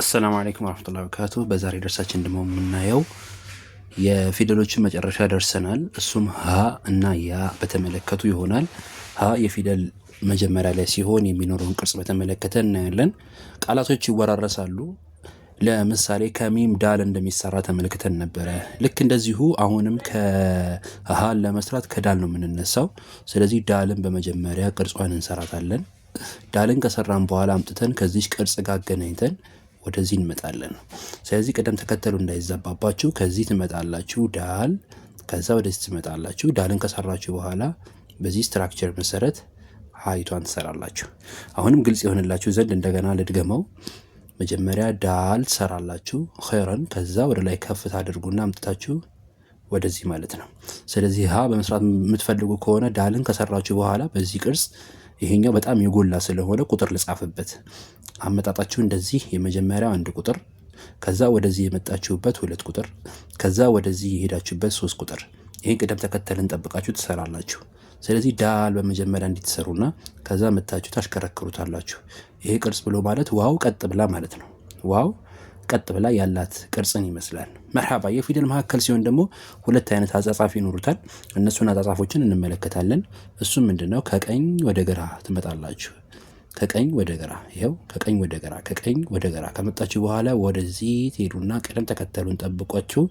አሰላሙ አለይኩም ረመቱላ በረካቱ በዛሬ ደርሳችን ደግሞ የምናየው የፊደሎችን መጨረሻ ደርሰናል። እሱም ሀ እና ያ በተመለከቱ ይሆናል። ሀ የፊደል መጀመሪያ ላይ ሲሆን የሚኖረውን ቅርጽ በተመለከተ እናያለን። ቃላቶች ይወራረሳሉ። ለምሳሌ ከሚም ዳል እንደሚሰራ ተመልክተን ነበረ። ልክ እንደዚሁ አሁንም ከሀን ለመስራት ከዳል ነው የምንነሳው። ስለዚህ ዳልን በመጀመሪያ ቅርጿን እንሰራታለን። ዳልን ከሰራን በኋላ አምጥተን ከዚች ቅርጽ ጋር አገናኝተን ወደዚህ እንመጣለን። ስለዚህ ቅደም ተከተሉ እንዳይዛባባችሁ ከዚህ ትመጣላችሁ ዳል፣ ከዛ ወደዚህ ትመጣላችሁ። ዳልን ከሰራችሁ በኋላ በዚህ ስትራክቸር መሰረት ሀይቷን ትሰራላችሁ። አሁንም ግልጽ የሆንላችሁ ዘንድ እንደገና ልድገመው። መጀመሪያ ዳል ትሰራላችሁ ኸይረን፣ ከዛ ወደ ላይ ከፍ ታደርጉና አምጥታችሁ ወደዚህ ማለት ነው። ስለዚህ ሀ በመስራት የምትፈልጉ ከሆነ ዳልን ከሰራችሁ በኋላ በዚህ ቅርጽ ይሄኛው በጣም የጎላ ስለሆነ ቁጥር ልጻፍበት። አመጣጣችሁ እንደዚህ የመጀመሪያው አንድ ቁጥር ከዛ ወደዚህ የመጣችሁበት ሁለት ቁጥር ከዛ ወደዚህ የሄዳችሁበት ሶስት ቁጥር ይህን ቅደም ተከተልን ጠብቃችሁ ትሰራላችሁ። ስለዚህ ዳል በመጀመሪያ እንዲትሰሩና ከዛ መታችሁ ታሽከረክሩታላችሁ። ይሄ ቅርጽ ብሎ ማለት ዋው ቀጥ ብላ ማለት ነው። ዋው ቀጥ ብላ ያላት ቅርጽን ይመስላል። መርሃባ የፊደል መካከል ሲሆን ደግሞ ሁለት አይነት አጻጻፍ ይኖሩታል። እነሱን አጻጻፎችን እንመለከታለን። እሱም ምንድነው? ከቀኝ ወደ ግራ ትመጣላችሁ። ከቀኝ ወደ ግራ ይኸው፣ ከቀኝ ወደ ግራ፣ ከቀኝ ወደ ግራ ከመጣችሁ በኋላ ወደዚህ ትሄዱና ቅደም ተከተሉን ጠብቋችሁ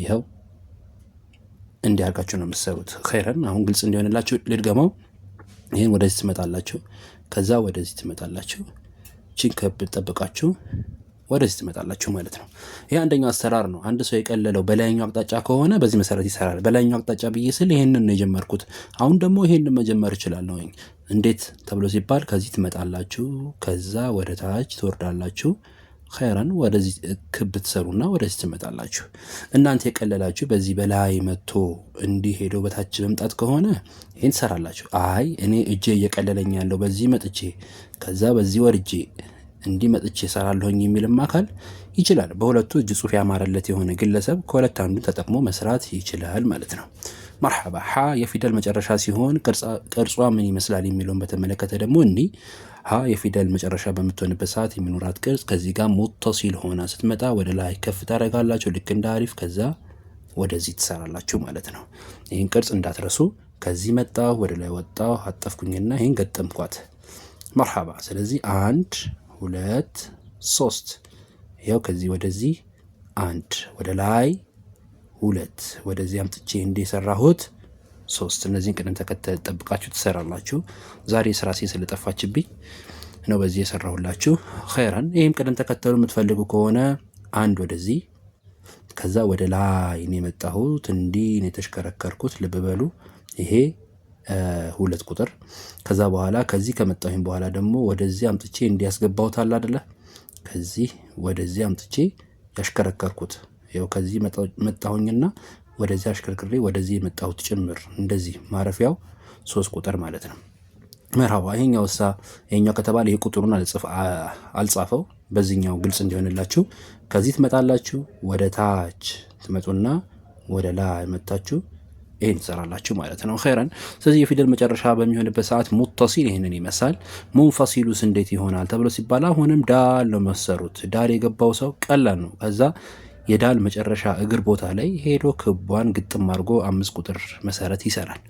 ይኸው እንዲያርጋችሁ ነው የምትሰሩት። ኸይረን አሁን ግልጽ እንዲሆንላችሁ ልድገመው። ይህን ወደዚህ ትመጣላችሁ፣ ከዛ ወደዚህ ትመጣላችሁ፣ ችን ከብ ጠብቃችሁ ወደዚህ ትመጣላችሁ ማለት ነው። ይህ አንደኛው አሰራር ነው። አንድ ሰው የቀለለው በላይኛው አቅጣጫ ከሆነ በዚህ መሰረት ይሰራል። በላይኛው አቅጣጫ ብዬ ስል ይህንን ነው የጀመርኩት። አሁን ደግሞ ይህን መጀመር እችላለሁ። እንዴት ተብሎ ሲባል ከዚህ ትመጣላችሁ፣ ከዛ ወደ ታች ትወርዳላችሁ ኸይረን ወደዚህ ክብ ትሰሩና ወደዚህ ትመጣላችሁ። እናንተ የቀለላችሁ በዚህ በላይ መጥቶ እንዲህ ሄዶ በታች መምጣት ከሆነ ይህን ትሰራላችሁ። አይ እኔ እጄ እየቀለለኝ ያለው በዚህ መጥቼ ከዛ በዚህ ወርጄ እንዲህ መጥቼ እሰራለሁኝ የሚልም አካል ይችላል። በሁለቱ እጅ ጽሑፍ ያማረለት የሆነ ግለሰብ ከሁለት አንዱ ተጠቅሞ መስራት ይችላል ማለት ነው። መርሐባ ሀ የፊደል መጨረሻ ሲሆን ቅርጿ ምን ይመስላል የሚለውን በተመለከተ ደግሞ እኒህ ሀ የፊደል መጨረሻ በምትሆንበት ሰዓት የሚኖራት ቅርጽ ከዚህ ጋር ሙተሲል ሆና ስትመጣ ወደ ላይ ከፍ ታደርጋላችሁ። ልክ እንደ አሪፍ ከዛ ወደዚህ ትሰራላችሁ ማለት ነው። ይህን ቅርጽ እንዳትረሱ። ከዚህ መጣሁ፣ ወደ ላይ ወጣሁ፣ አጠፍኩኝና ይህን ገጠምኳት። መርሐባ። ስለዚህ አንድ ሁለት፣ ሶስት። ይኸው ከዚህ ወደዚህ አንድ፣ ወደ ላይ ሁለት፣ ወደዚህ አምጥቼ እንደ የሰራሁት ሶስት። እነዚህን ቅደም ተከተል ጠብቃችሁ ትሰራላችሁ። ዛሬ የስራ ሴ ስለጠፋችብኝ ነው በዚህ የሰራሁላችሁ። ኸይረን። ይህም ቅደም ተከተሉ የምትፈልጉ ከሆነ አንድ ወደዚህ ከዛ ወደ ላይ ነው የመጣሁት፣ እንዲህ ነው የተሽከረከርኩት። ልብ በሉ ይሄ ሁለት ቁጥር ከዛ በኋላ ከዚህ ከመጣሁኝ በኋላ ደግሞ ወደዚህ አምጥቼ እንዲያስገባውታል አደለ ከዚህ ወደዚህ አምጥቼ ያሽከረከርኩት ያው ከዚህ መጣሁኝና ወደዚህ አሽከርክሬ ወደዚህ የመጣሁት ጭምር እንደዚህ ማረፊያው ሶስት ቁጥር ማለት ነው። መርሃባ ይሄኛው እሳ ይሄኛው ከተባለ ይሄ ቁጥሩን አልጻፈው በዚህኛው ግልጽ እንዲሆንላችሁ ከዚህ ትመጣላችሁ ወደ ታች ትመጡና ወደ ላይ መታችሁ ይህን ትሰራላችሁ ማለት ነው። ረን ስለዚህ የፊደል መጨረሻ በሚሆንበት ሰዓት ሙተሲል ይህንን ይመስላል። ሙንፈሲሉስ እንዴት ይሆናል ተብሎ ሲባል አሁንም ዳል ነው መሰሩት። ዳል የገባው ሰው ቀላል ነው። ከዛ የዳል መጨረሻ እግር ቦታ ላይ ሄዶ ክቧን ግጥም አድርጎ አምስት ቁጥር መሰረት ይሰራል።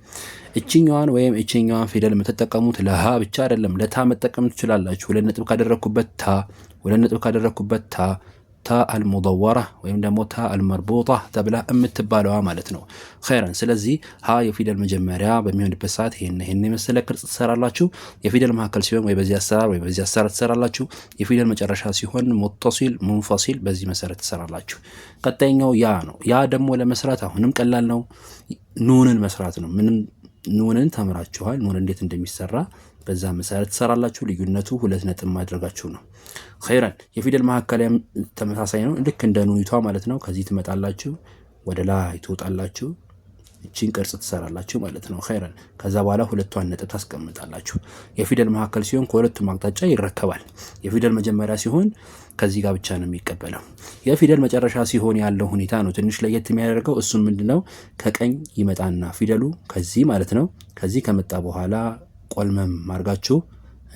እችኛዋን ወይም እችኛዋን ፊደል የምትጠቀሙት ለሀ ብቻ አይደለም፣ ለታ መጠቀም ትችላላችሁ። ሁለት ነጥብ ካደረግኩበት ታ፣ ሁለት ነጥብ ካደረግኩበት ታ ታ አልሙደወራ ወይም ደግሞ ታ አልመርቡጣ ተብላ የምትባለዋ ማለት ነው። ኸይረን። ስለዚህ ሀ የፊደል መጀመሪያ በሚሆንበት ሰዓት ይህን ይህን የመሰለ ቅርጽ ትሰራላችሁ። የፊደል መካከል ሲሆን ወይ በዚህ አሰራር ወይ በዚህ አሰራር ትሰራላችሁ። የፊደል መጨረሻ ሲሆን ሙተሲል፣ ሙንፈሲል በዚህ መሰረት ትሰራላችሁ። ቀጣይኛው ያ ነው። ያ ደግሞ ለመስራት አሁንም ቀላል ነው። ኑንን መስራት ነው። ምንም ኑንን ተምራችኋል። ኑን እንዴት እንደሚሰራ በዛ መሰረት ትሰራላችሁ። ልዩነቱ ሁለት ነጥብ ማድረጋችሁ ነው። ኸይረን የፊደል መካከልያም ተመሳሳይ ነው፣ ልክ እንደ ኑኒቷ ማለት ነው። ከዚህ ትመጣላችሁ፣ ወደ ላይ ትወጣላችሁ፣ እቺን ቅርጽ ትሰራላችሁ ማለት ነው። ኸይረን ከዛ በኋላ ሁለቷን ነጥብ ታስቀምጣላችሁ። የፊደል መካከል ሲሆን ከሁለቱም አቅጣጫ ይረከባል። የፊደል መጀመሪያ ሲሆን ከዚህ ጋር ብቻ ነው የሚቀበለው። የፊደል መጨረሻ ሲሆን ያለው ሁኔታ ነው ትንሽ ለየት የሚያደርገው። እሱም ምንድነው? ከቀኝ ይመጣና ፊደሉ ከዚህ ማለት ነው ከዚህ ከመጣ በኋላ ቆልመም አድርጋችሁ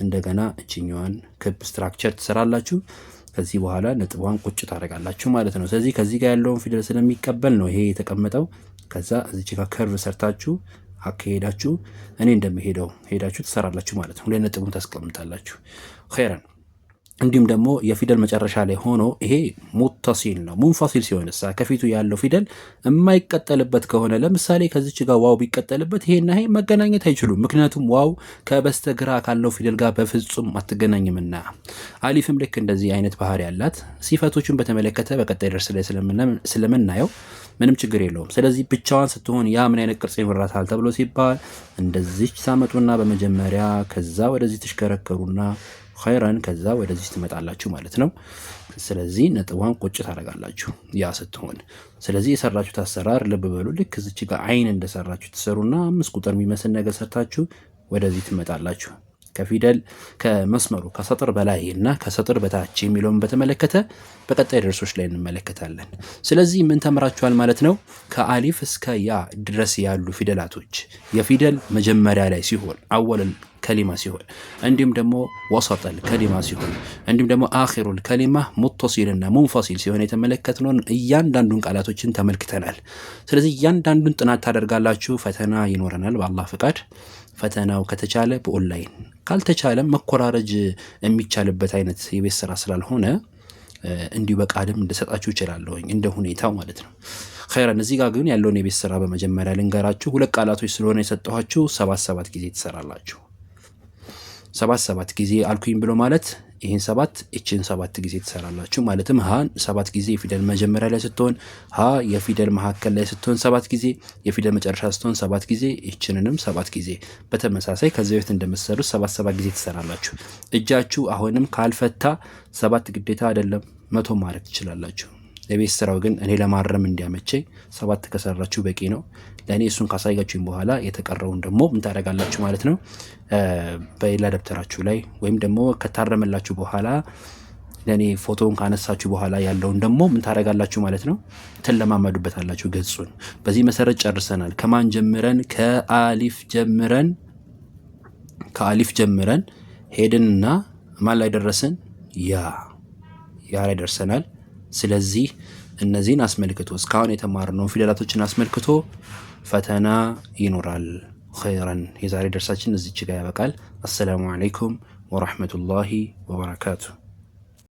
እንደገና እችኛዋን ክብ ስትራክቸር ትሰራላችሁ። ከዚህ በኋላ ነጥቧን ቁጭ ታደርጋላችሁ ማለት ነው። ስለዚህ ከዚህ ጋር ያለውን ፊደል ስለሚቀበል ነው ይሄ የተቀመጠው። ከዛ እዚች ጋር ከርቭ ሰርታችሁ አካሄዳችሁ እኔ እንደሚሄደው ሄዳችሁ ትሰራላችሁ ማለት ነው። ሁሌ ነጥቡን ታስቀምጣላችሁ ረን እንዲሁም ደግሞ የፊደል መጨረሻ ላይ ሆኖ ይሄ ሙተሲል ነው። ሙንፈሲል ሲሆንሳ ከፊቱ ያለው ፊደል የማይቀጠልበት ከሆነ ለምሳሌ ከዚች ጋር ዋው ቢቀጠልበት ይሄና ይሄ መገናኘት አይችሉም። ምክንያቱም ዋው ከበስተግራ ካለው ፊደል ጋር በፍጹም አትገናኝምና። አሊፍም ልክ እንደዚህ አይነት ባህሪ ያላት። ሲፈቶችን በተመለከተ በቀጣይ ደርስ ላይ ስለምናየው ምንም ችግር የለውም። ስለዚህ ብቻዋን ስትሆን ያ ምን አይነት ቅርጽ ይኖራታል ተብሎ ሲባል እንደዚች ሳመጡና በመጀመሪያ ከዛ ወደዚህ ትሽከረከሩና ኸይረን ከዛ ወደዚህ ትመጣላችሁ ማለት ነው። ስለዚህ ነጥቧን ቁጭ ታደርጋላችሁ ያ ስትሆን። ስለዚህ የሰራችሁት አሰራር ልብ በሉ። ልክ እዚች ጋር አይን እንደሰራችሁ ትሰሩና አምስት ቁጥር የሚመስል ነገር ሰርታችሁ ወደዚህ ትመጣላችሁ። ከፊደል ከመስመሩ ከሰጥር በላይ እና ከሰጥር በታች የሚለውን በተመለከተ በቀጣይ ደርሶች ላይ እንመለከታለን። ስለዚህ ምን ተምራችኋል ማለት ነው? ከአሊፍ እስከ ያ ድረስ ያሉ ፊደላቶች የፊደል መጀመሪያ ላይ ሲሆን አወለል ከሊማ ሲሆን እንዲሁም ደግሞ ወሰጠል ከሊማ ሲሆን እንዲሁም ደግሞ አኺሩል ከሊማ ሙተሲልና ሙንፈሲል ሲሆን የተመለከትነውን እያንዳንዱን ቃላቶችን ተመልክተናል። ስለዚህ እያንዳንዱን ጥናት ታደርጋላችሁ። ፈተና ይኖረናል በአላህ ፍቃድ። ፈተናው ከተቻለ በኦንላይን ካልተቻለም መኮራረጅ የሚቻልበት አይነት የቤት ስራ ስላልሆነ እንዲሁ በቃልም እንደሰጣችሁ እችላለሁኝ እንደ ሁኔታው ማለት ነው። ኸይረን እዚህ ጋር ግን ያለውን የቤት ስራ በመጀመሪያ ልንገራችሁ። ሁለት ቃላቶች ስለሆነ የሰጠኋችሁ ሰባት ሰባት ጊዜ ትሰራላችሁ። ሰባት ሰባት ጊዜ አልኩኝ ብሎ ማለት ይህን ሰባት እችን ሰባት ጊዜ ትሰራላችሁ። ማለትም ሀ ሰባት ጊዜ የፊደል መጀመሪያ ላይ ስትሆን፣ ሀ የፊደል መካከል ላይ ስትሆን ሰባት ጊዜ፣ የፊደል መጨረሻ ስትሆን ሰባት ጊዜ፣ ይችንንም ሰባት ጊዜ። በተመሳሳይ ከዚህ በፊት እንደምትሰሩት ሰባት ሰባት ጊዜ ትሰራላችሁ። እጃችሁ አሁንም ካልፈታ ሰባት ግዴታ አይደለም መቶ ማድረግ ትችላላችሁ። የቤት ስራው ግን እኔ ለማረም እንዲያመቸኝ ሰባት ከሰራችሁ በቂ ነው። ለእኔ እሱን ካሳያችሁኝ በኋላ የተቀረውን ደግሞ ምን ታደርጋላችሁ ማለት ነው በሌላ ደብተራችሁ ላይ ወይም ደግሞ ከታረመላችሁ በኋላ ለእኔ ፎቶውን ካነሳችሁ በኋላ ያለውን ደግሞ ምን ታደርጋላችሁ ማለት ነው ትለማመዱበታላችሁ ገጹን። በዚህ መሰረት ጨርሰናል። ከማን ጀምረን? ከአሊፍ ጀምረን ከአሊፍ ጀምረን ሄድንና ማን ላይ ደረስን? ያ ያ ላይ ደርሰናል። ስለዚህ እነዚህን አስመልክቶ እስካሁን የተማርነውን ፊደላቶችን አስመልክቶ ፈተና ይኖራል። ኸይረን የዛሬ ደርሳችን እዚች ጋ ያበቃል። አሰላሙ ዓለይኩም ወራህመቱላሂ ወበረካቱ።